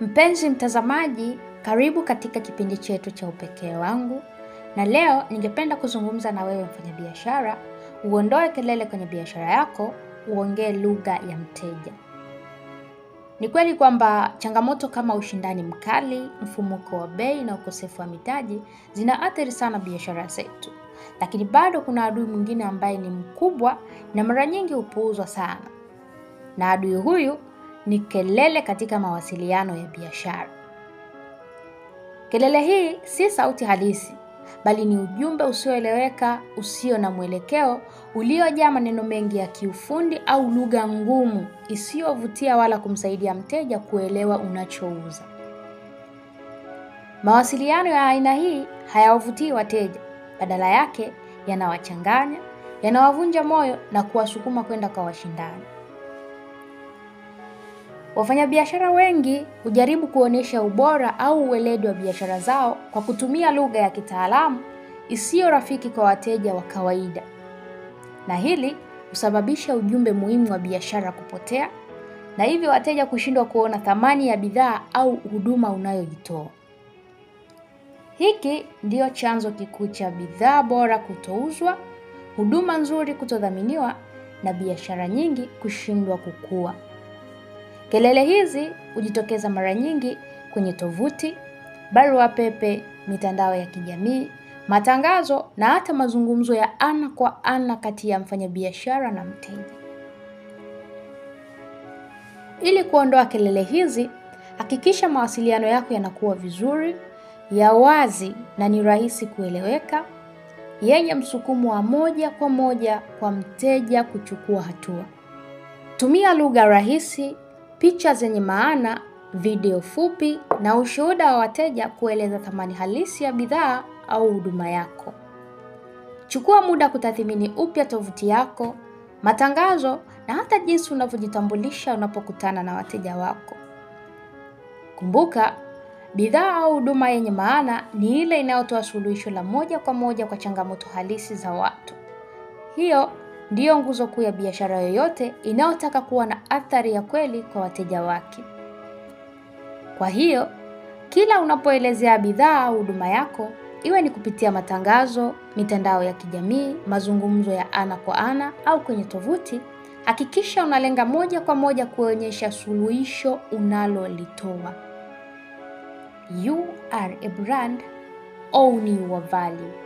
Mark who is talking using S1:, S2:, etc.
S1: Mpenzi mtazamaji, karibu katika kipindi chetu cha Upekee wangu, na leo ningependa kuzungumza na wewe mfanyabiashara, uondoe kelele kwenye biashara yako, uongee lugha ya mteja. Ni kweli kwamba changamoto kama ushindani mkali, mfumuko wa bei na ukosefu wa mitaji zinaathiri sana biashara zetu, lakini bado kuna adui mwingine ambaye ni mkubwa na mara nyingi hupuuzwa sana, na adui huyu ni kelele katika mawasiliano ya biashara. Kelele hii si sauti halisi, bali ni ujumbe usioeleweka, usio na mwelekeo, uliojaa maneno mengi ya kiufundi au lugha ngumu isiyovutia wala kumsaidia mteja kuelewa unachouza. Mawasiliano ya aina hii hayawavutii wateja, badala yake yanawachanganya, yanawavunja moyo na kuwasukuma kwenda kwa washindani. Wafanyabiashara wengi hujaribu kuonyesha ubora au uweledi wa biashara zao kwa kutumia lugha ya kitaalamu isiyo rafiki kwa wateja wa kawaida, na hili husababisha ujumbe muhimu wa biashara kupotea na hivyo wateja kushindwa kuona thamani ya bidhaa au huduma unayoitoa. Hiki ndiyo chanzo kikuu cha bidhaa bora kutouzwa, huduma nzuri kutodhaminiwa na biashara nyingi kushindwa kukua. Kelele hizi hujitokeza mara nyingi kwenye tovuti, barua pepe, mitandao ya kijamii, matangazo na hata mazungumzo ya ana kwa ana kati ya mfanyabiashara na mteja. Ili kuondoa kelele hizi, hakikisha mawasiliano yako yanakuwa vizuri, ya wazi na ni rahisi kueleweka, yenye msukumo wa moja kwa moja kwa mteja kuchukua hatua. Tumia lugha rahisi picha zenye maana, video fupi na ushuhuda wa wateja kueleza thamani halisi ya bidhaa au huduma yako. Chukua muda kutathmini upya tovuti yako, matangazo na hata jinsi unavyojitambulisha unapokutana na wateja wako. Kumbuka, bidhaa au huduma yenye maana ni ile inayotoa suluhisho la moja kwa moja kwa changamoto halisi za watu. Hiyo ndiyo nguzo kuu ya biashara yoyote inayotaka kuwa na athari ya kweli kwa wateja wake. Kwa hiyo, kila unapoelezea bidhaa au huduma yako, iwe ni kupitia matangazo, mitandao ya kijamii, mazungumzo ya ana kwa ana au kwenye tovuti, hakikisha unalenga moja kwa moja kuonyesha suluhisho unalolitoa. You are a brand, own your value.